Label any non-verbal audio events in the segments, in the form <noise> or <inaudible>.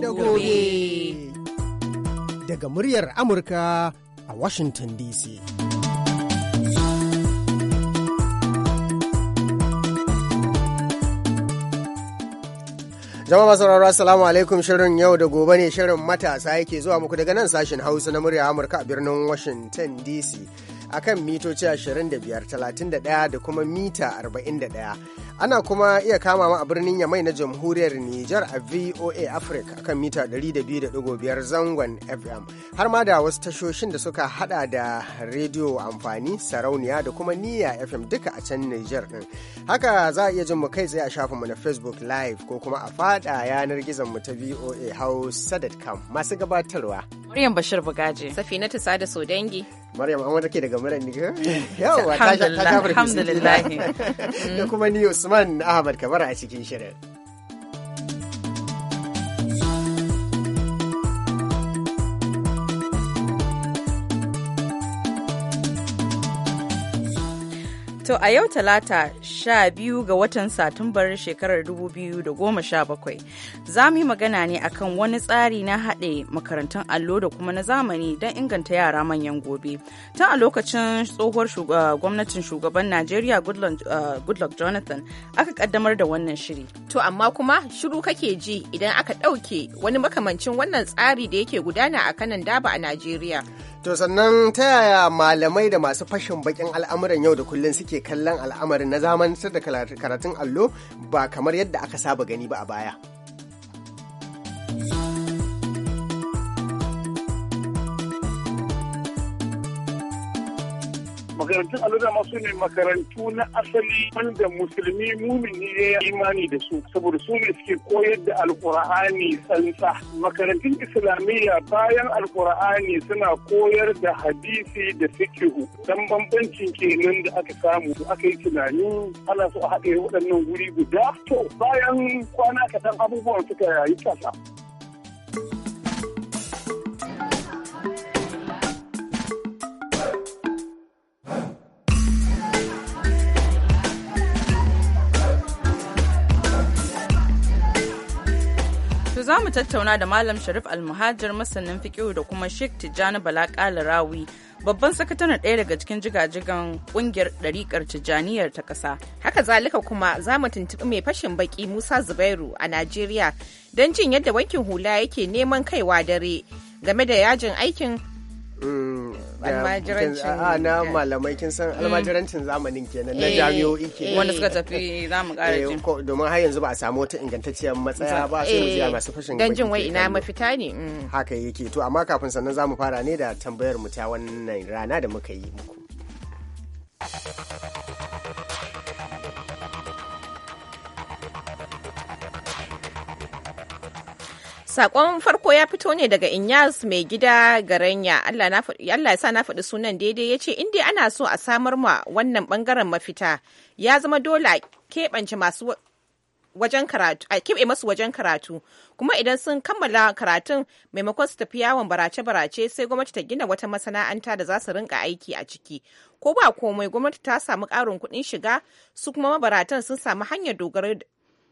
da gobe. Daga muryar Amurka a Washington DC. Jama'a masu salamu alaikum shirin yau da gobe ne shirin matasa yake zuwa muku daga nan sashen hausa na murya Amurka a birnin Washington DC. akan mitoci 2531 da kuma mita 41. Ana kuma iya kama a birnin Yamai na Jamhuriyar Nijar a VOA Africa akan mita 200.5 zangon FM. Har ma da wasu tashoshin da suka hada da rediyo amfani, sarauniya da kuma Niya FM duka a can Nijar din. Haka za a iya jin mu kai tsaye a shafinmu na Facebook Live ko kuma a fada yanar gizon mu ta VOA Hausa.com masu gabatarwa. Maryam Bashir Bugaje. Safina ta sada so dangi. Maryam an wadake daga murar ni <laughs> Yawa ta ta kafar Alhamdulillah. <laughs> Da kuma ni Usman Ahmad Kabara a cikin shirin. To a yau talata sha biyu ga watan Satumbar shekarar 2017 za mu yi magana ne akan wani tsari na haɗe makarantun allo da kuma na zamani don inganta yara manyan gobe. Tun a lokacin tsohuwar gwamnatin shugaban Najeriya Goodluck eh, Jonathan aka kaddamar da wannan shiri. To amma kuma shiru kake ji idan aka ɗauke wani makamancin wannan tsari da yake gudana a kanan daba a Najeriya. To sannan ta yaya malamai da masu fashin bakin al'amuran yau da kullum suke kallon al'amarin na zamantar da karatun allo ba kamar yadda aka saba gani ba a baya. makarantun al'ada masu ne makarantu na asali wanda musulmi mumini ya imani da su saboda su ne suke koyar da alkur'ani sansa. makarantun islamiyya bayan alkur'ani suna koyar da hadisi da fikihu dan bambancin kenan da aka samu aka yi tunani ana so a haɗe waɗannan guri guda to bayan kwana kaɗan abubuwan suka yayi kasa. za mu tattauna da Malam Sharif Almuhajir masanin fikihu da kuma Sheikh Tijjani Bala rawi babban sakataren ɗaya daga cikin jigajigan ƙungiyar ɗariƙar Tijjaniyar ta ƙasa. Haka zalika kuma za mu tuntuɓi mai fashin baƙi Musa Zubairu a Najeriya don jin yadda wankin hula yake neman kaiwa dare game da yajin aikin mm, almajirancin a na malamai san mm. almajirancin zamanin kenan na jami'o'i eh, ke wanda suka tafi za mu ƙara eh, jin domin har yanzu ba a samu wata ingantacciyar matsaya ba sai mu eh, masu fashin dan jin wai ina mafita ne mm. haka yake to amma kafin sannan zamu fara ne da tambayar mu ta wannan rana da muka yi muku Sakon farko ya fito ne daga Inyas mai gida garanya. Allah ya sa na faɗi sunan daidai ya ce, dai ana so a samar ma wannan bangaren mafita, ya zama dole a keɓance masu wajen karatu a keɓe masu wajen karatu kuma idan sun kammala karatun maimakon su tafi yawon barace-barace sai gwamnati ta gina wata masana'anta da za su rinka aiki a ciki ko ba komai gwamnati ta samu ƙarin kuɗin shiga su kuma mabaratan sun samu hanyar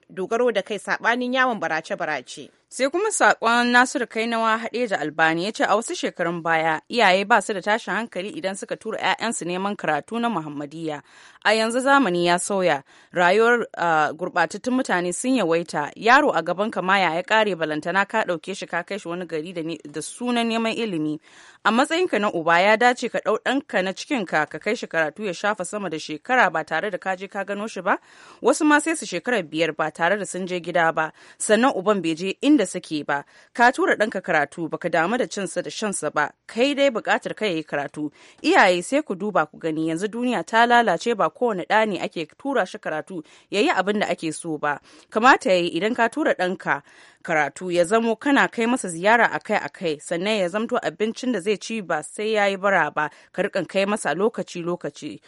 dogaro da kai saɓanin yawon barace-barace sai kuma sakon nasiru kainawa haɗe da albani ya ce a wasu shekarun baya iyaye ba su da tashin hankali idan suka tura 'ya'yansu neman karatu na muhammadiyya a yanzu zamani ya sauya rayuwar gurɓatattun mutane sun yawaita yaro a gaban kama ya ƙare balantana ka ɗauke shi ka kai shi wani gari da sunan neman ilimi a matsayinka na uba ya dace ka ɗau ɗanka na cikinka ka kai shi karatu ya shafa sama da shekara ba tare da ka je ka gano shi ba wasu ma sai su shekara biyar ba tare da sun je gida ba sannan uban bai je in inda suke ba ka tura ɗanka karatu baka damu da cinsa da shansa ba kai dai buƙatar ka yi karatu iyaye sai ku duba ku gani yanzu duniya ta lalace ba kowane ɗa ne ake tura shi karatu ya yi abin da ake so ba kamata ya yi idan ka tura ɗanka karatu ya zamo kana kai masa ziyara akai-akai sannan ya zamto abincin da zai ci ba sai ya yi bara ba ka rika kai masa lokaci-lokaci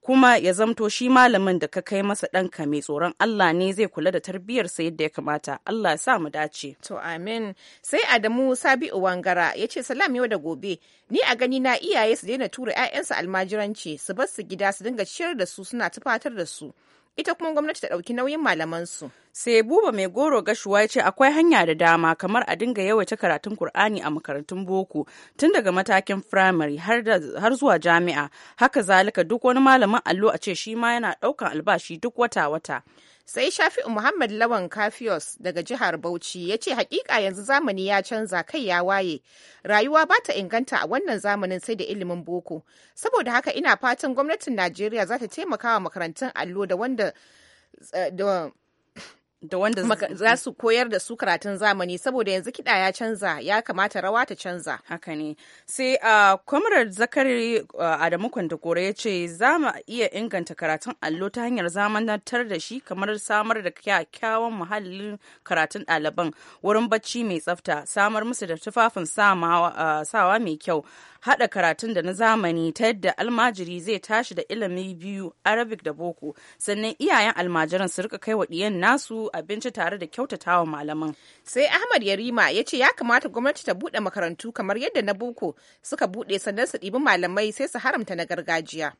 kuma ya zamto shi malamin da ka kai masa ɗanka mai tsoron Allah ne zai kula da tarbiyyarsa yadda ya kamata Allah ya sa mu dace to amin sai Adamu Sabi'u Wangara ya ce salam yau da gobe ni a gani na iyaye su daina tura 'ya'yansu almajiranci su bar su gida su dinga ciyar da su suna tufatar da su ita kuma gwamnati ta ɗauki nauyin malamansu. sai buba mai goro gashuwa ce akwai hanya da dama kamar a dinga yawaita karatun kur'ani a makarantun boko tun daga matakin firamare har zuwa jami'a haka zalika duk wani malamin allo a ce shi ma yana ɗaukan albashi duk wata-wata sai shafi'u muhammad lawan kafios daga jihar bauchi ya ce hakika yanzu zamani ya canza kai ya waye rayuwa ba ta inganta a wannan zamanin sai da ilimin boko saboda haka ina fatan gwamnatin najeriya za ta taimaka wa makarantun allo da wanda eh, da wanda za su koyar da su karatun zamani saboda yanzu kiɗa ya canza ya kamata rawa ta canza haka ne sai a uh, kwamarar zakari uh, adamu kwantagora ya ce za mu iya inganta karatun allo ta hanyar zamanantar da shi kamar samar da kyakkyawan muhallin karatun ɗaliban wurin bacci mai tsafta samar musu da tufafin sawa mai kyau haɗa karatun da na zamani ta yadda almajiri zai tashi da ilimi biyu arabic da boko sannan iyayen almajiran su rika kai wa ɗiyan nasu abinci tare da kyautatawa malaman sai ahmad yarima ya ce ya kamata gwamnati ta buɗe makarantu kamar yadda na boko suka buɗe sannan su ɗibi malamai sai su haramta na gargajiya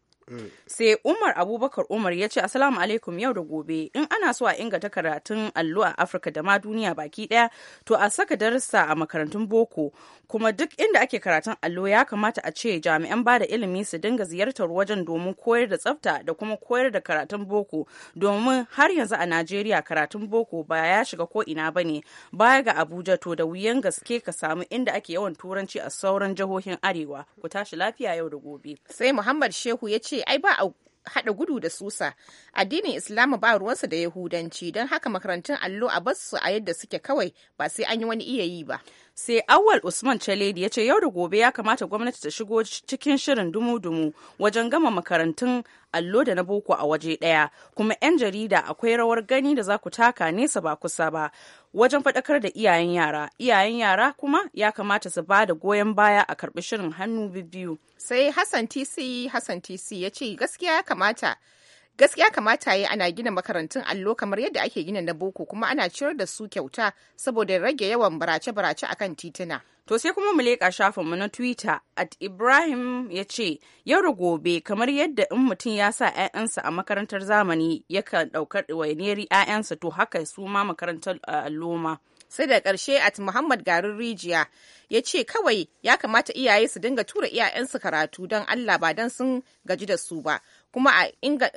sai umar abubakar umar ya ce asalamu alaikum yau da gobe in ana so a ingata karatun allo a afirka da ma duniya baki daya to a saka darussa a makarantun boko kuma duk inda ake karatun allo ya kamata a ce jami'an bada ilimi su dinga ziyartar wajen domin koyar da tsafta da kuma koyar da karatun boko domin har yanzu a najeriya karatun boko ba ya shiga ko ina ba ne baya ga abuja to da wuyan gaske ka samu inda ake yawan turanci a sauran jihohin arewa ku tashi lafiya yau da gobe sai muhammad shehu ya ce ce ai ba a haɗa gudu da susa addinin islamu ba ruwansa da yahudanci don haka makarantun allo a basu a yadda suke kawai ba sai an yi wani iya yi ba sai awal usman chaledi ya ce yau da gobe ya kamata gwamnati ta shigo cikin shirin dumu-dumu wajen gama makarantun allo da na boko a waje ɗaya kuma 'yan jarida akwai rawar gani da za ku taka nesa ba kusa ba wajen faɗakar da iyayen yara iyayen yara kuma ya kamata su ba da goyon baya a karɓi shirin hannu biyu sai hassan tc hassan tc ya ce gaskiya ya kamata gaskiya kamata yi ana gina makarantun allo kamar yadda ake gina na boko kuma ana ciyar da su kyauta saboda rage yawan barace-barace a kan tituna to sai kuma mu leƙa shafinmu na twitter at ibrahim ya ce yau da gobe kamar yadda in mutum ya sa 'ya'yansa a makarantar zamani yakan ɗaukar ɗawainiyar 'ya'yansa to haka su ma makarantar ma. sai da ƙarshe at muhammad garin rijiya ya ce kawai ya kamata iyaye su dinga tura 'ya'yansu karatu don allah ba don sun gaji da su ba kuma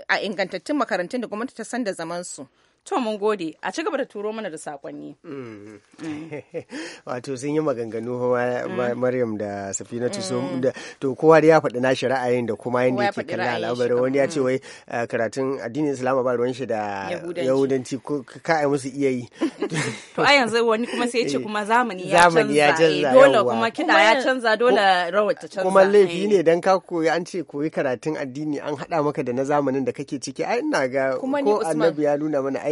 a ingantattun makarantun da gwamnati ta san da zaman su To mun gode a ci gaba da turo mana da sakonni. Mm. <laughs> Wato sun yi maganganu mm. Maryam da Safina Tuso mm. to kowa da ya faɗi nashi ra'ayin da kuma yadda yake kalla al'amarin wani ya ce wai eh, karatun addinin Islam ba ruwan shi da Yahudanci ko ka musu iya yi. <laughs> To a yanzu wani kuma sai ya ce eh, kuma zamani ya canza eh, dole kuma kiɗa ya canza dole rawar ta canza. Kuma laifi ne dan ka koyi an ce koyi karatun addini an haɗa maka da na zamanin da kake ciki ai ina ga ko annabi ya nuna mana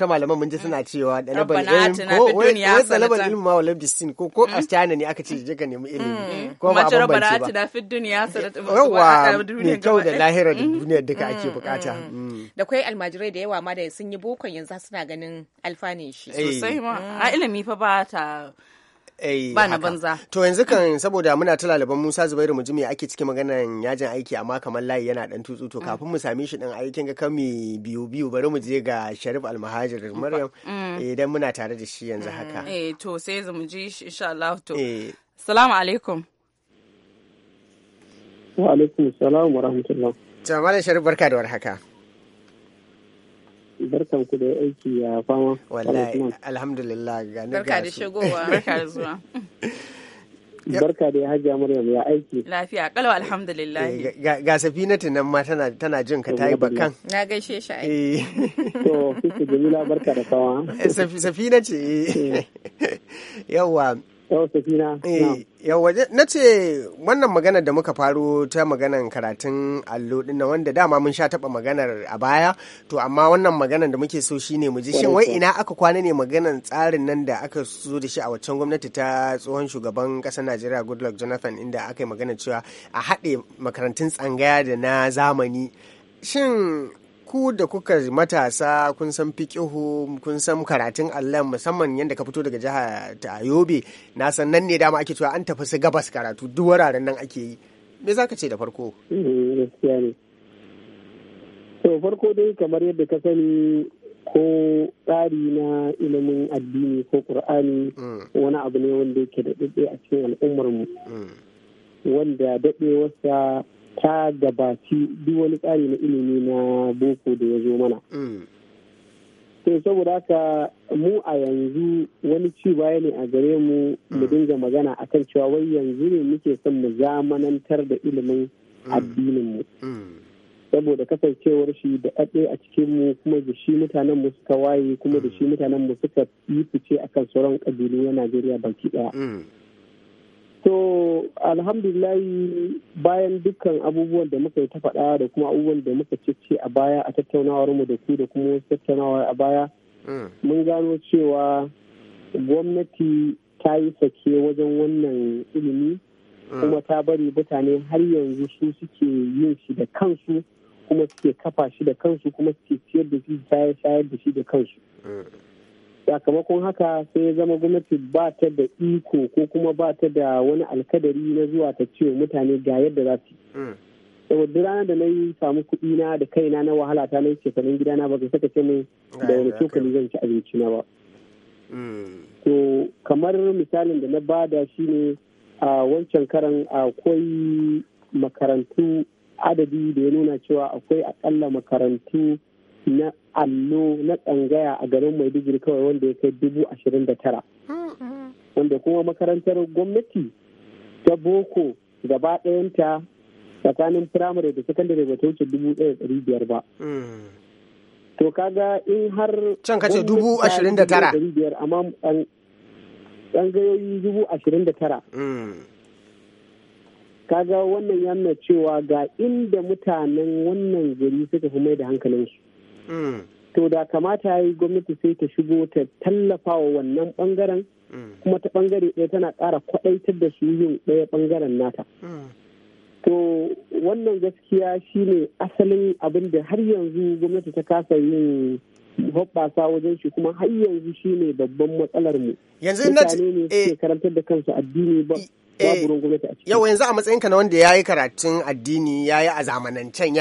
ta malaman mun ji suna mm. cewa ɗalaban ilmi ko wai ɗalaban ilmi ma bisin ko ko mm. a China ne aka ce je ka nemi ilimi mm. ko ba a bambance ba yawa ne kyau da lahira da duniyar duka ake bukata da kwai almajirai da yawa ma da sun yi bokon yanzu suna ganin alfanin shi eh. sosai ma a ilimi fa ba ta bana banza to yanzu kan saboda muna ta lalaban Musa Zubairu mu ji me ake cikin maganan yajin aiki amma kamar layi yana dan tutsu to mm. kafin mu same shi din aikin ga kami biyu biyu bari mu je ga Sharif Almahajir mm. Maryam idan mm. eh, muna tare da shi yanzu haka eh to sai mu ji insha Allah to assalamu eh. alaikum wa alaikum assalam wa rahmatullah jama'a Sharif barka da warhaka barkan ku da aiki ya fama wallahi alhamdulillah ga barka da shigowa <laughs> barka da zuwa barka da hajiya maryam ya aiki lafiya kalwa alhamdulillah eh, ga safinatu nan ma tana tana jin ka tayi bakan na gaishe shi ai eh. <laughs> to kike jamila barka da kawa eh, safina ce <laughs> yawa Eh, yawa na ce wannan magana da muka faro ta maganan karatun allo dinnan wanda dama mun sha taba maganar a baya to amma wannan maganar da muke so shine mu ji shin wai ina aka kwana ne maganar tsarin nan da aka so da shi a waccan gwamnati ta tsohon shugaban kasar Najeriya Goodluck Jonathan inda aka yi magana cewa a haɗe makarantun tsangaya da na zamani shin ku da kuka matasa kun san fiƙihu kun san karatun Allah musamman yadda ka fito daga jiha ta Yobe na san nan ne dama ake cewa an tafi su gabas karatu duk wuraren nan ake yi me za ka ce da farko eh, to farko dai kamar yadda ka sani ko tsari na ilimin addini ko qur'ani mm. wani abu ne wanda yake da a cikin al'ummar mu mm. wanda daɗewarsa ta gabaci duk wani tsari na ilimi na boko da ya zo mana. Mm. to saboda haka mu a yanzu wani ci baya ne a gare mu mm. mu dinga magana akan cewa wai yanzu ne muke son mu zamanantar da ilimin mm. addinin mu saboda kasancewar shi da ɗaɗe a cikin mu kuma da shi mutanen mu suka waye kuma da shi mutanen mu suka yi fice akan sauran ƙabilu na Najeriya baki ɗaya. To alhamdulillahi bayan dukkan abubuwan da muka yi ta faɗa da kuma abubuwan da muka ce a baya a tattaunawarmu da ku da kuma tattaunawa a baya mm. mun gano cewa gwamnati ta yi sake wajen wannan ilimi mm. kuma ta bari mutane har yanzu su suke yin shi da kansu kuma suke kafa shi da kansu kuma suke ciyar da shi shayar da shi da kansu. Mm. sakamakon haka sai ya zama gwamnati ba ta da iko ko kuma ba ta da wani alkadari na zuwa ta ce mutane ga yadda za su hmm. saboda ranar da na yi samu kuɗi na da kaina na wahala ta na yi shekarun gidana ba ka saka ce mai da wani cokali zan ci abinci na ba hmm. to kamar misalin da na bada ne a wancan karan akwai makarantu adadi da ya nuna cewa akwai akalla makarantu na allo na tsangaya a garin maiduguri kawai wanda ya kai dubu ashirin da tara wanda kuma makarantar gwamnati ta boko gaba ɗayanta tsakanin firamare da sakandare ba ta wuce dubu ɗaya ɗari biyar ba to kaga in har can kace dubu ashirin da tara biyar amma tsangayoyi dubu ashirin da tara kaga wannan yana cewa ga inda mutanen wannan gari suka fi mai da hankalinsu Mm. to da kamata ya yi gwamnati sai ta shigo ta tallafa wa wannan bangaren mm. kuma ta bangare ɗaya tana ƙara kwaɗaitar da su yin ɗaya bangaren nata mm. to wannan gaskiya shine asalin abin da har yanzu gwamnati ta kasa yin hoɓɓasa wajen shi kuma har yanzu shine babban matsalar mu yanzu mutane ne eh. karantar da kansu addini ba eh, gwamnati a yau yanzu a matsayinka na wanda ya yi karatun addini ya yi a zamanancen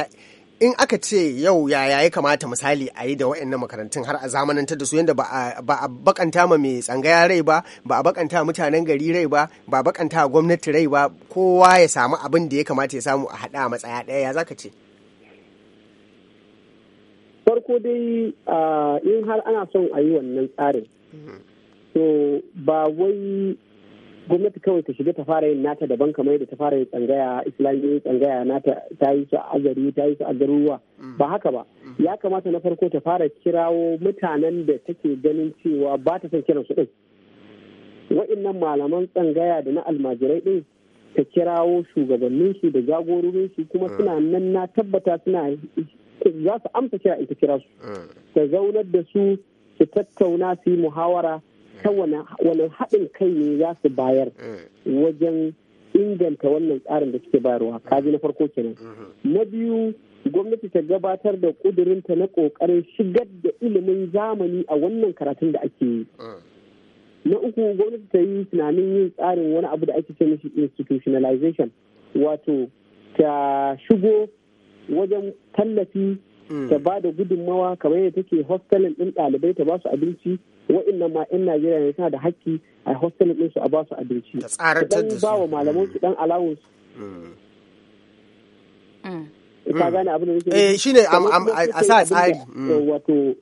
in aka ce yau yaya ya kamata misali a yi da wa'annan makarantun har a zamanantar da su yadda ba a bakanta ma mai tsangaya rai ba ba a bakanta mutanen gari rai ba ba a bakanta gwamnati rai ba kowa ya samu abin da ya kamata ya samu a haɗa a matsaya ɗaya ya zaka ce farko dai in har ana son a yi wannan tsarin mm-hmm. to ba wai gwamnati kawai ta shiga ta fara yin nata daban kamar da ta fara yin tsangaya islamiyoyi tsangaya nata ta yi su a gari ta yi su a garuruwa mm. ba haka ba mm. ya kamata na farko ta fara kirawo mutanen da take ganin cewa ba ta son kiransu din wa'annan malaman tsangaya da na almajirai din ta kirawo shugabannin su da su kuma mm. suna nan na tabbata suna za su amsa kira in ta kira su ta zaunar da su su tattauna su yi muhawara ta wani haɗin kai ne za su bayar eh. wajen inganta wannan tsarin da suke bayarwa kaji na farko kenan mm-hmm. na biyu gwamnati ta gabatar da ƙudurinta na ƙoƙarin shigar da ilimin zamani a wannan karatun da ake yi mm. na uku gwamnati ta yi tunanin yin tsarin wani abu da ake ce mishi institutionalization wato ta shigo wajen tallafi mm. ta ba da gudunmawa kamar yadda take hostelin ɗin ɗalibai ta ba su abinci wa'in ma 'yan Najeriya ne suna da haƙƙi a hostel su a ba su abinci. Da tsarantar ba wa malaman su dan allowance. Mm. Mm. Ka gane abin da nake. Eh shine a sa tsari. Mm. Wato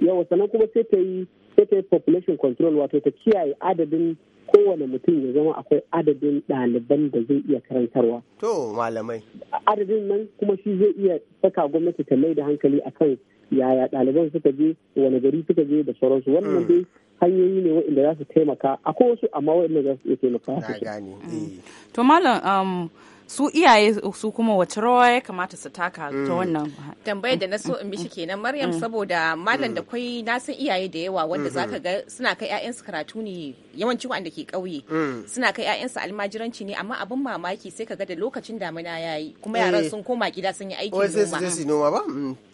yawa sannan kuma sai ta yi sai ta yi population control wato ta kiyaye adadin kowane mutum ya zama akwai adadin ɗaliban da zai iya karantarwa. To malamai. Adadin nan kuma shi zai iya saka gwamnati ta mai da hankali akan yaya ɗaliban suka je wani gari suka je da sauransu wannan mm. dai hanyoyi ne waɗanda za su taimaka akwai wasu amma waɗanda za su iya taimaka mm. eh. to malam um, su iyaye su kuma wace rawa ya kamata su taka ta mm. wannan tambayar da na so in bishi mm. kenan maryam mm. saboda malam da kwai na san iyaye da yawa wanda zaka mm-hmm. ga suna kai su karatu ne yawancin wanda ke kauye suna kai su almajiranci ne amma abin mamaki sai kaga da lokacin damina yayi kuma yaran eh. sun koma gida sun yi aiki noma ba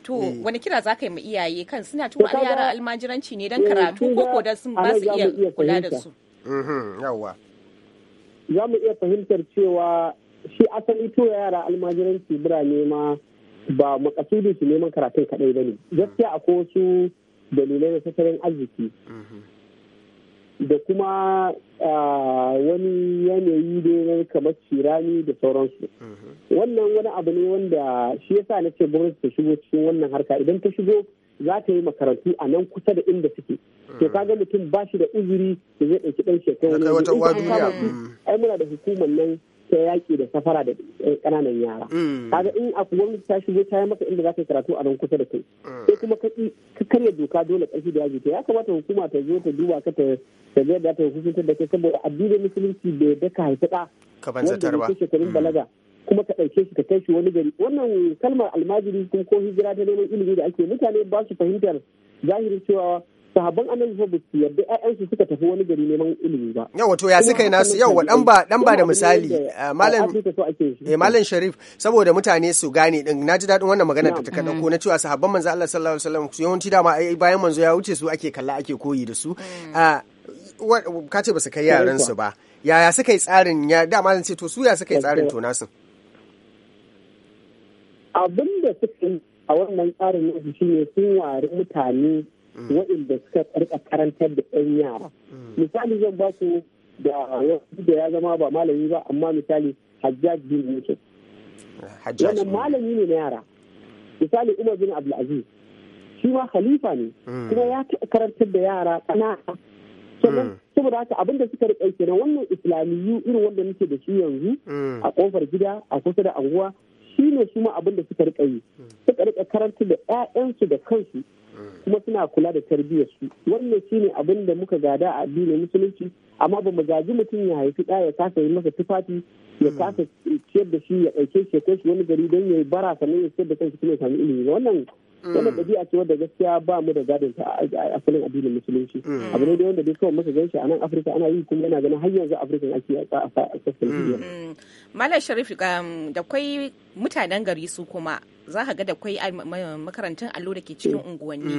to wani kira zaka ka yi ma iyaye kan suna tura yara almajiranci ne dan karatu ko ko dan sun ba su iya kula da su. Mm-hmm, yawwa. Za mu iya fahimtar cewa shi asali to yara almajiranci birane ma ba makasudin su neman karatun kadai ba ne gaskiya akwai wasu dalilai da tattalin arziki da kuma wani yanayi ne kamar cirani da sauransu wannan wani abu ne wanda shi yasa na ce gwamnati ta shigo cikin wannan harka idan ta shigo za ta yi makarantu a nan kusa da inda suke to kaga mutum ba shi da uzuri da zai ɗauki ɗan shekaru ai muna da hukumar nan ta yaƙi da safara da ƙananan yara mm. kaga in akwai gwamnati ta shigo ta yi maka inda za ka yi karatu a nan kusa da kai mm. sai kuma ka karya doka dole ƙarfi da yaji ta ya kamata hukuma ta zo ta duba ka ta ta ga da ta hukunta da kai saboda addinin musulunci bai daka haifi ɗa wanda bai shekarun mm. balaga kuma ka ɗauke shi ka kai shi wani gari wannan kalmar almajiri kuma ko hijira ta neman ilimi da ake mutane ba su fahimtar zahirin cewa sahabban annabi fa su yarda ƴaƴansu suka tafi wani gari neman ilimi ba yau wato ya suka yi nasu yau dan ba dan ba da misali eh, malam eh malam sharif saboda mutane su gane din naji dadin wannan magana da ta dauko na cewa sahabban manzo Allah sallallahu alaihi wasallam yawanci dama bayan manzo ya wuce su ake kalla ake koyi da su mm. ah, ka ce ba su kai yaran su ba yaya suka yi tsarin ya da zan ce to su ya suka yi tsarin to nasu abin da suka yi a wannan tsarin nasu shine sun ware mutane Mm. waɗanda suka karɓa karantar da 'yan yara mm. misali zan ba su da wasu da ya zama ba malami ba amma misali hajjaj bin yusuf wannan malami ne na yara misali umar bin abdulaziz shi ma khalifa ne mm. kuma ya taɓa karantar da yara ƙanana saboda haka abin da suka riƙa kenan wannan islamiyyu irin wanda muke da shi yanzu a ƙofar gida a kusa da anguwa shi ne su ma abin suka riƙa yi suka riƙa karantar da 'ya'yansu da kansu kuma suna kula da tarbiyyar su wannan shine abin da muka gada a addinin musulunci amma ba mu gaji mutum ya haifi ɗa ya kasa yi masa tufafi ya hmm. kasa ciyar da shi ya ɗauke shi ya kai shi wani gari don ya yi bara sannan ya ciyar da kansa kuma ya samu ilimi wannan hmm. wannan ɗabi'a ce wadda gaskiya ba mu da gadon ta a asalin addinin musulunci hmm. abu ne da wanda dai kawai masa gan shi a nan afirka ana yi kuma yana ganin har yanzu afirka ake a sassan duniya. malam sharif um, da kwai mutanen gari su kuma za ka ga da kwai makarantun allo da ke cikin unguwanni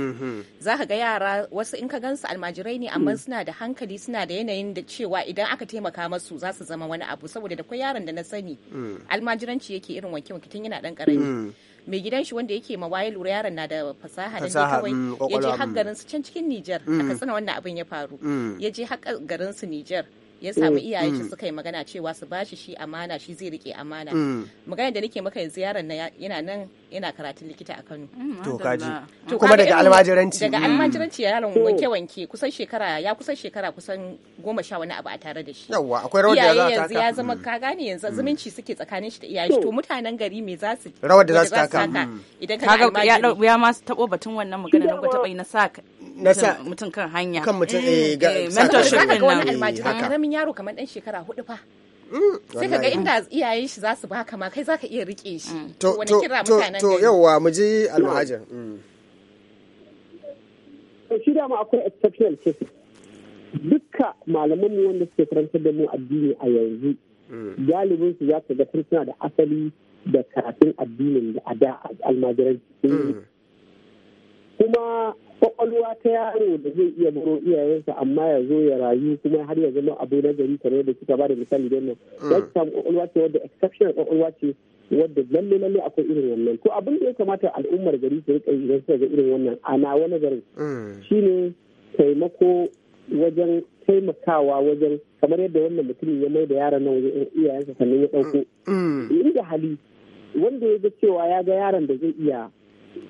za ka ga yara wasu in ka gansu almajirai ne amma suna da hankali suna da yanayin da cewa idan aka taimaka masu za su zama wani abu saboda da kwa yaron da na sani mm. almajiranci yake irin wanke wanke tun yana dan karami mm. mai gidan shi wanda yake ma waye lura yaron na da fasaha da kawai mm, ya je har garin su can cikin Nijar aka tsana wannan abin ya faru ya je har garin su Nijar ya samu mm, iyaye shi mm. suka yi magana cewa su bashi shi amana shi zai rike amana mm. magana da nake maka ziyarar na yana nan yana karatun likita a Kano to kaji kuma daga almajiranci daga almajiranci yaron oh. wanke wanke kusan shekara ya kusan shekara kusan goma sha wani abu a tare da shi yawa akwai rawar da za ta yanzu ya zama ka gane yanzu zumunci suke tsakanin shi da iyaye to mutanen gari me za su rawar da za su taka idan ka ya ma taɓo batun wannan magana na gwata yi na sa mutum kan hanya kan mutum eh, eh ga eh, mentorship din nan almajiri karamin yaro kamar dan shekara hudu fa mm, sai ka ga inda iyayen shi za su baka ma kai za ka iya rike shi mm. to to to yauwa mu ji almajir mm. to shi ma akwai exception cases dukka malaman mu wanda suke karantar da mu addini a yanzu galibin su za ka ga suna da asali da karatun addinin da a da almajiran kuma kwakwalwa ta yaro da zai iya baro iyayensa amma ya zo ya rayu kuma har ya zama abu na gari kamar da kika ba da misali da nan ya mm. ci samu kwakwalwa ce wadda exceptional kwakwalwa ce wadda lalle lalle akwai irin wannan ko abin da ya kamata al'ummar gari su rika idan suka ga irin wannan a na wani garin mm. shine taimako wajen taimakawa wajen kamar yadda wannan mutumin ya mai da yaron nan wajen iyayensa sannan ya ɗauko mm. inda hali wanda ya ga cewa ya ga yaron da zai iya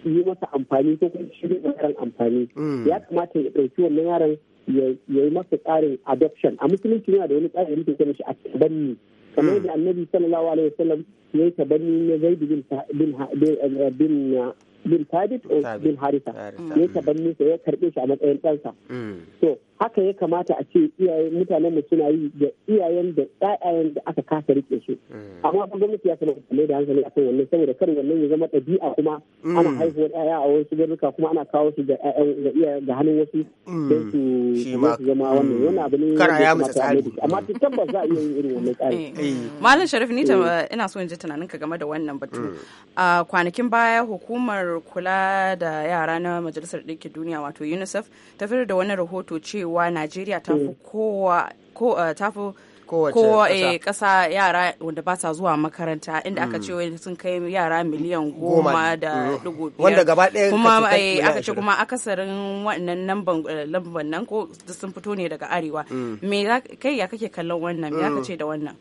yi masa amfani ko kuma shi ne yaran amfani mm. ya kamata ya ɗauki wannan yaron ya yi masa tsarin adoption a musulunci yana da wani tsari da mutum shi a tabanni kamar yadda annabi sallallahu alaihi wasallam ya yi tabanni na zai bin bin eh, eh, bin thabit eh, bin harisa ya tabanni sa ya karɓe shi a matsayin ɗansa mm. haka ya kamata a ce iyayen mutanen mu suna yi da iyayen da ƴaƴayen da aka kasa rike su mm. amma kuma gwamnati ya kamata mai da hankali akan wannan saboda kar wannan ya zama ɗabi'a kuma mm. ana haihuwar ƴaƴa a wasu garuka kuma ana kawo su ga ƴaƴan ga iyayen da hannun wasu mm. don su zama wannan wani abu ne kara ya mutu tsari amma ta tabbas za a iya yin irin wannan tsari eh, eh. malam sharif ni eh, ina so in ji tunanin ka game da wannan batu a kwanakin baya hukumar kula da yara na majalisar ɗinkin duniya wato unicef ta fitar da wani rahoto cewa cewa najeriya ta fi hmm. kowa eh, ta fi kowace kasa eh, yara wanda ba sa zuwa makaranta inda aka ce hmm. wani sun kai yara miliyan goma da dugu wanda gaba ɗaya kuma eh, aka ce kuma akasarin wannan lamban nan ko sun fito ne daga arewa hmm. me kai ya kake kallon wannan me aka ce da wannan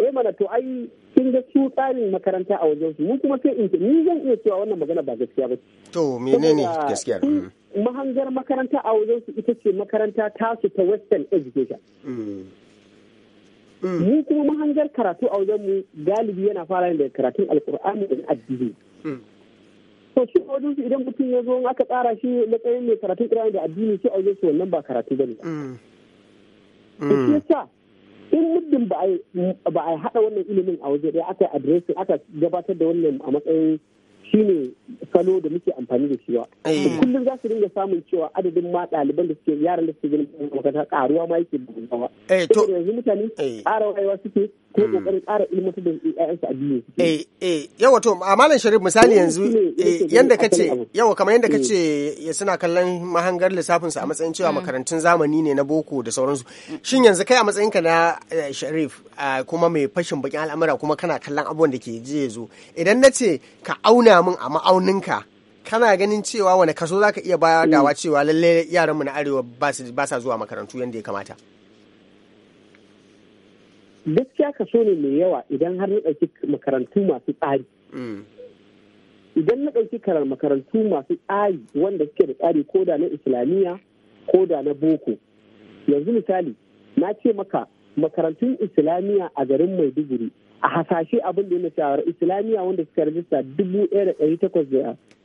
eh mana to ai kin ga su tsarin makaranta a wajen su mu kuma sai in ce ni zan iya cewa wannan magana ba gaskiya ba to menene gaskiya mahangar makaranta a wajen su ita ce makaranta tasu ta western education mm. mu kuma mahangar karatu a wajen mu galibi yana fara da karatun alkur'ani da addini mm. to shi wajen su idan mutum ya zo aka tsara shi matsayin mai karatun qur'ani da addini shi a wajen su wannan ba karatu bane mm. to in muddin ba a haɗa wannan ilimin a waje ɗaya aka addressing aka gabatar da wannan a matsayin ne salo da muke amfani da shi ba eh. kullum za su dinga samun cewa adadin ma ɗaliban da suke yaran da suke ganin makaranta ƙaruwa ma yake bugawa eh to yanzu mutane eh. ƙara wayewa suke ko kokarin hmm. ƙara su da a addini eh eh yawa to a malam sharif misali eh, yanzu yanda kace yawa kamar yanda kace hmm. ya suna kallon mahangar lissafin su a matsayin cewa hmm. makarantun zamani ne na boko da sauransu shin yanzu kai a matsayin ka na sharif kuma mai fashin bakin al'amura kuma kana kallon abubuwan da ke je zo idan ce ka auna min a ma'auninka kana ganin cewa wani kaso zaka iya wa mm. cewa lalle yaranmu na arewa ba sa zuwa makarantu yadda ya kamata gaskiya kaso ne mai yawa idan har na ɗauki makarantu masu tsari mm. idan na ɗauki karar makarantu masu tsari wanda suke da tsari ko da na islamiyya ko da na boko yanzu misali na ce maka makarantun islamiyya a garin maiduguri a hasashe abin da ya shahara islamiyya wanda suka rajista dubu ɗaya da ɗari takwas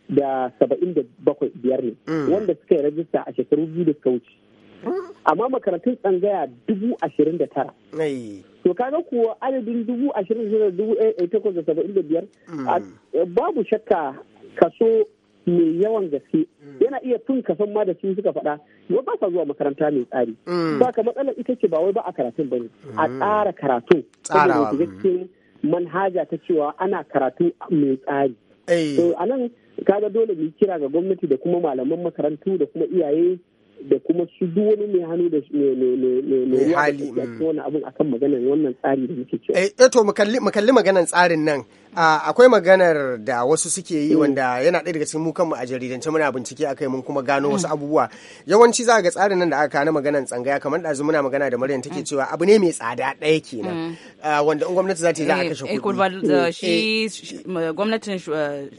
da saba'in da bakwai biyar ne mm. wanda suka yi rajista a shekaru biyu da suka wuce amma makarantun tsangaya dubu ashirin da tara to kaga kuwa adadin dubu ashirin da dubu ɗaya ɗari takwas da saba'in da biyar mm. babu shakka kaso mai yawan gaske mm. yana iya tun kasan ma da su suka faɗa yau ba sa zuwa makaranta mai tsari mm. ba ka matsalar ita ce ba wai ba a karatun ba ne a mm. tsara karatun tsarawa manhaja ta cewa ana karatu mai tsari so a nan kaga dole mu kira ga gwamnati da kuma malaman makarantu da kuma iyaye da kuma su duk wani mai hannu da mai hali wani abin akan maganar wannan tsari da muke cewa. Eh, eh to mu kalli maganar tsarin nan akwai maganar da wasu suke yi wanda yana ɗaya daga cikin mu kanmu a jaridance muna bincike akai mun kuma gano wasu hmm. abubuwa yawanci za ga tsarin nan da aka na maganar tsangaya kamar ɗazu muna magana da Maryam take hmm. cewa abu ne mai tsada ɗaya kenan hmm. wanda in gwamnati za ta yi za a kashe kuɗi shi gwamnatin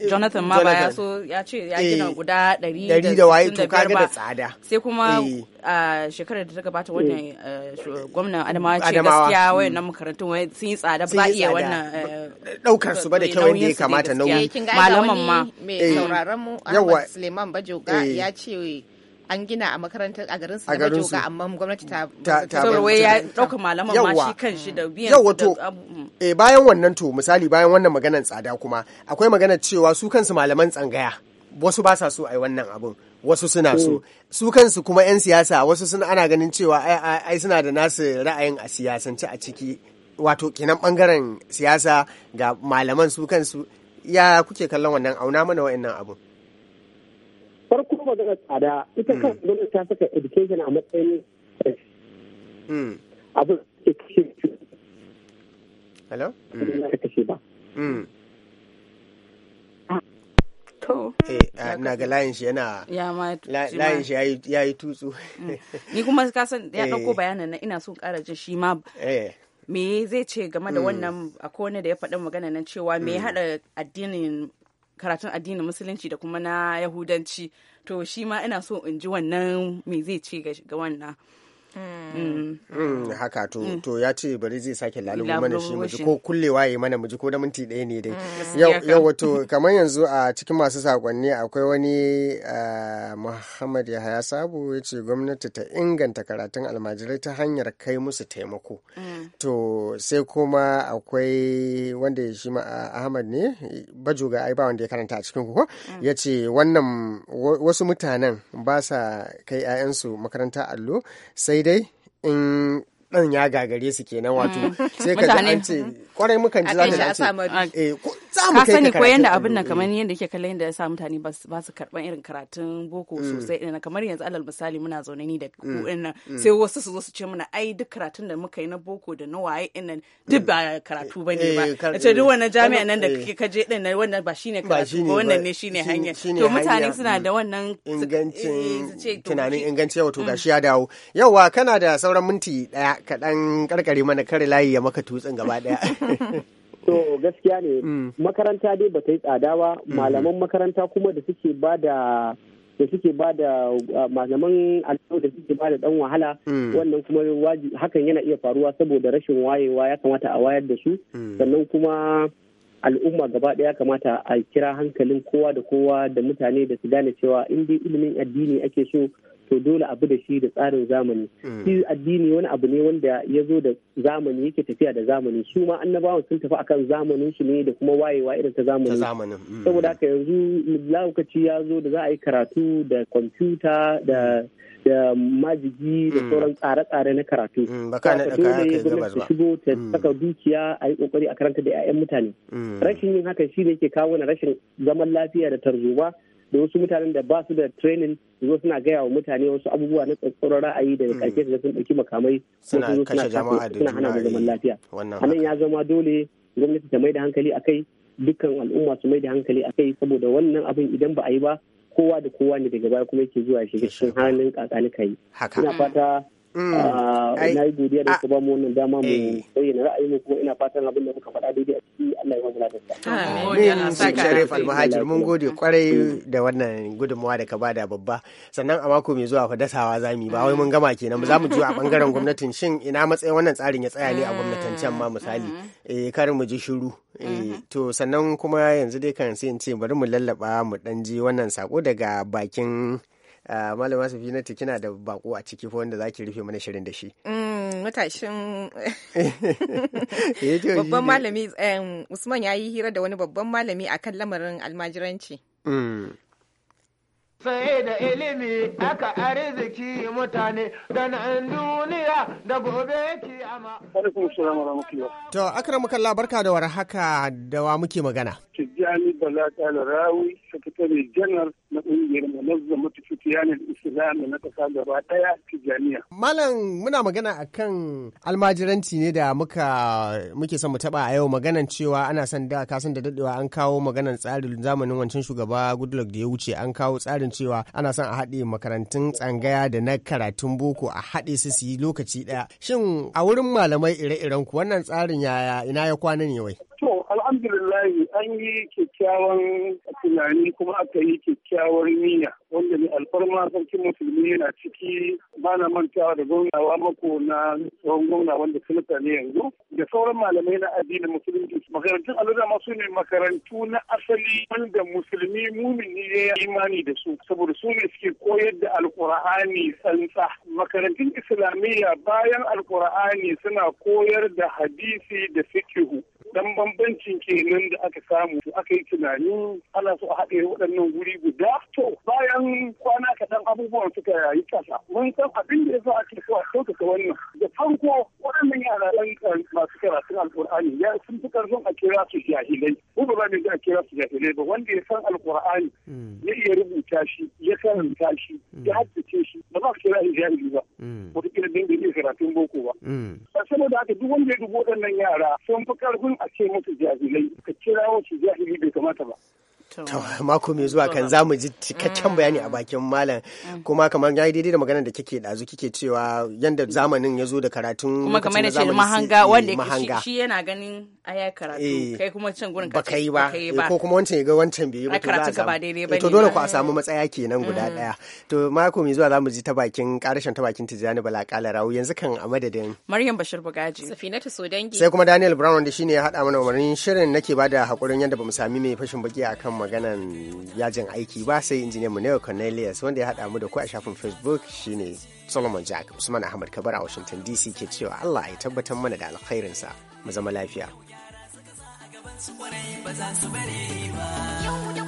Jonathan ma ba ya so ya ce ya gina eh, guda 100 da waye to kaga da tsada sai kuma eh. a shekarar da ta gabata mm. wannan eh, gwamnan adamawa ce gaskiya mm. nan makarantun sun yi tsada ba iya wannan daukar eh, su ba da kyau ne kamata nauyi malaman ma mai eh. sauraron mu Ahmad Suleiman Bajoga ya ce an gina a makarantar a garin Sinaba Bajoga amma gwamnati ta ta ya dauka malaman ma shi kan shi da biyan yawa to mm. eh bayan wannan to misali bayan wannan maganar tsada kuma akwai maganar cewa su kansu malaman tsangaya wasu ba sa so a yi wannan abun wasu suna so mm. su kansu kuma 'yan siyasa wasu suna ana ganin cewa ai suna da nasu ra'ayin a siyasance a ciki wato kenan bangaren siyasa ga malaman su kansu ya kuke kallon wannan auna mana wa'annan abun farko magana tsada ita mm. kan gwamnati ta saka education a matsayin mm. abin da ke kashe hello ba Eh, ah, na ga layin shi yana layin shi ya yi tutsu mm. <laughs> ni kuma ka san ya dauko eh. bayanan na ina son ƙara jin shi ma eh. me zai ce game da mm. wannan akwai wani da ya faɗi magana nan cewa me ya mm. haɗa addinin karatun addinin musulunci da kuma na yahudanci to shi ma ina so in ji wannan me zai ce ga wannan Mm. Mm. Mm, haka to ya ce bari zai sake lalubu mana shi muji ko kullewa ya mana muji ko da minti ɗaya ne dai yau wato kamar yanzu a cikin masu sakonni akwai wani eh, muhammad yahaya sabu ya ce gwamnati ta inganta karatun almajirai ta hanyar kai musu taimako to sai kuma akwai wanda shi ma ah, ahmad ne bajoga ai ba wanda ya karanta a cikin ko ya ce wannan wasu mutanen ba sa kai 'ya'yansu makaranta allo sai aire en Ɗan ya gagare su kenan wato mm. sai ka an ce kwarai mukan ji za ta ce eh, za mu kai ka sani abin nan mm. kamar yadda yake kallon yadda ya sa mutane ba su karban irin karatun boko mm. sosai ɗin kamar yanzu alal misali muna zaune ni da ku nan sai wasu su zo su ce mana ai duk karatun da muka yi na boko da na waye ɗin nan duk ba karatu ba ne ba eh, a ce duk wannan jami'a nan da eh. kake kaje ɗin nan wannan ba shine karatu ba wannan ne shine hanya to mutane suna da wannan ingancin tunanin ingancin yau to gashi ya dawo yauwa kana da sauran minti daya kaɗan karkare mana kare layi ya maka tutsin gaba ɗaya. <laughs> To gaskiya ne mm. makaranta dai ba ta yi tsada ba mm-hmm. malaman makaranta kuma da suke ba da da suke ba da malaman al'adu da suke ba da dan wahala mm. wannan kuma hakan yana iya faruwa saboda rashin wayewa ya kamata a wayar da su mm. sannan kuma al'umma gaba ɗaya kamata a kira hankalin kowa da kowa da mutane da su gane cewa in dai ilimin addini ake so to dole abu da shi da tsarin zamani mm. shi addini wani abu ne wanda ya zo da zamani yake tafiya da zamani su ma annabawan sun tafi akan zamanin su ne da kuma wayewa irin ta zamani mm. saboda haka yanzu lokaci ya zo da za a yi karatu da kwamfuta da da majigi da mm. sauran tsare-tsare na karatu. Baka dole gwamnati ta shigo ta saka dukiya a yi kokari a karanta da 'ya'yan mutane. Rashin yin haka shi ne ke kawo na rashin zaman lafiya da tarzoma da wasu mutanen da ba su da training su zo suna gaya wa mutane wasu abubuwa na tsatsauran ra'ayi da karshe hmm. da sun ɗauki makamai suna kashe jama'a suna hana zaman eh, lafiya a nan ya zama dole gwamnati ta mai da hankali a kai dukkan al'umma su mai da hankali a kai saboda wannan abin idan ba a yi ba kowa da kowa ne daga baya kuma yake zuwa shiga cikin halin kakani kai ina fata Mm. Ah, na yi godiya da ba mu wannan dama mu eh. bayyana ra'ayin kuma ina fatan abin da muka faɗa daidai a ciki Allah ya wani lafiya. Amin. Sharif Almahajir mun gode kwarai da wannan gudunmawa da ka bada babba sannan a mako mai zuwa fa dasawa za mu ba wai mun gama kenan za mu juya a bangaren gwamnatin shin ina matsayin wannan tsarin ya tsaya ne a can ma misali mm-hmm. eh karin mu ji shiru eh, mm-hmm. to sannan kuma yanzu dai kan sai in ce bari mu lallaba mu ɗan ji wannan sako daga bakin malama safinatu kina da bako a ciki ko wanda zaki rufe mana shirin da shi mm, matashin <laughs> eh babban malami usman ya yi hira da wani babban malami akan lamarin almajiranci mm. sai da ilimi aka arziki mutane da nan duniya da gobe kiyama. To akram kalla barka da war haka da wa muke magana. Tijjani Bala Rawi, Sakatare Janar na ƙungiyar Munazzama Fitiyanin Islam na ƙasa gaba ɗaya Tijjaniya. Malam muna magana akan almajiranci ne da muka muke son mu taɓa a yau maganan cewa ana son da kasan da daɗewa an kawo maganan tsarin zamanin wancan shugaba Goodluck da ya wuce an kawo tsarin cewa ana son a haɗe makarantun tsangaya da na karatun boko a haɗe su su yi lokaci ɗaya shin a wurin malamai ire-iren ku wannan tsarin yaya ina ya kwana ne wai alhamdulillahi an yi kyakkyawan tunani kuma aka yi kyakkyawar niyya wanda ne alfarma sarkin musulmi yana ciki ba na mantawa da gwamnawa mako na tsohon gwamna wanda sulta ne yanzu da sauran malamai na addinin musulunci makarantun al'ada masu ne makarantu na asali wanda musulmi mumini ya yi imani da su saboda su ne suke koyar da alkur'ani tsantsa makarantun islamiyya bayan alkur'ani suna koyar da hadisi da fikihu dan bambancin kenan da aka samu To aka yi tunani ana so a haɗe waɗannan wuri guda to bayan kwana kaɗan abubuwan suka yi kasa mun san abin da ya sa ake so a kyautata wannan da farko waɗannan yara ɗan masu karatun alkur'ani ya sun fi karfin a kira su jahilai ko ba za a kira su jahilai ba wanda ya san alkur'ani hmm. ya iya rubuta shi ya karanta shi hmm. ya haddace shi ba za su kira shi jahili ba hmm. wataƙila din da zai karatun boko ba. saboda haka duk wanda ya dubo waɗannan yara sun fi karfin a ce musu jahilai ka kira wasu jahili bai kamata ba. mako mai zuwa kan za mu ji cikakken mm. bayani a bakin malam mm. kuma kamar ya daidai da maganar da kike ɗazu kike cewa yadda zamanin ya zo da karatun kuma kamar da ce mahanga eh, wanda shi yana ganin aya karatu eh. kai kuma can gurin ka kai ba eh, ko kuma wancan ya ga wancan bai yi ba to za a to dole ku a samu matsaya kenan guda daya mm. to mako mai zuwa za mu ji ta bakin karashin ta bakin Tijjani Bala rawu yanzu kan a madadin Maryam Bashir Bugaji Safinatu Sodangi sai kuma Daniel Brown wanda shine ya hada mana umarnin shirin nake bada hakurin yadda bamu sami mai fashin baki akan maganan yajin aiki ba sai injiniyan mu Neo Cornelius wanda ya haɗa mu da ku a shafin Facebook shine Solomon Jack Usman Ahmad Kabar a Washington DC ke cewa Allah ya tabbatar mana da alkhairinsa mu zama lafiya. Yau da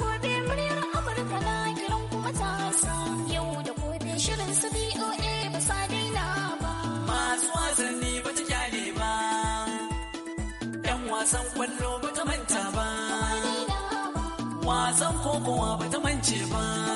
wasan kokowa ba ta mance ba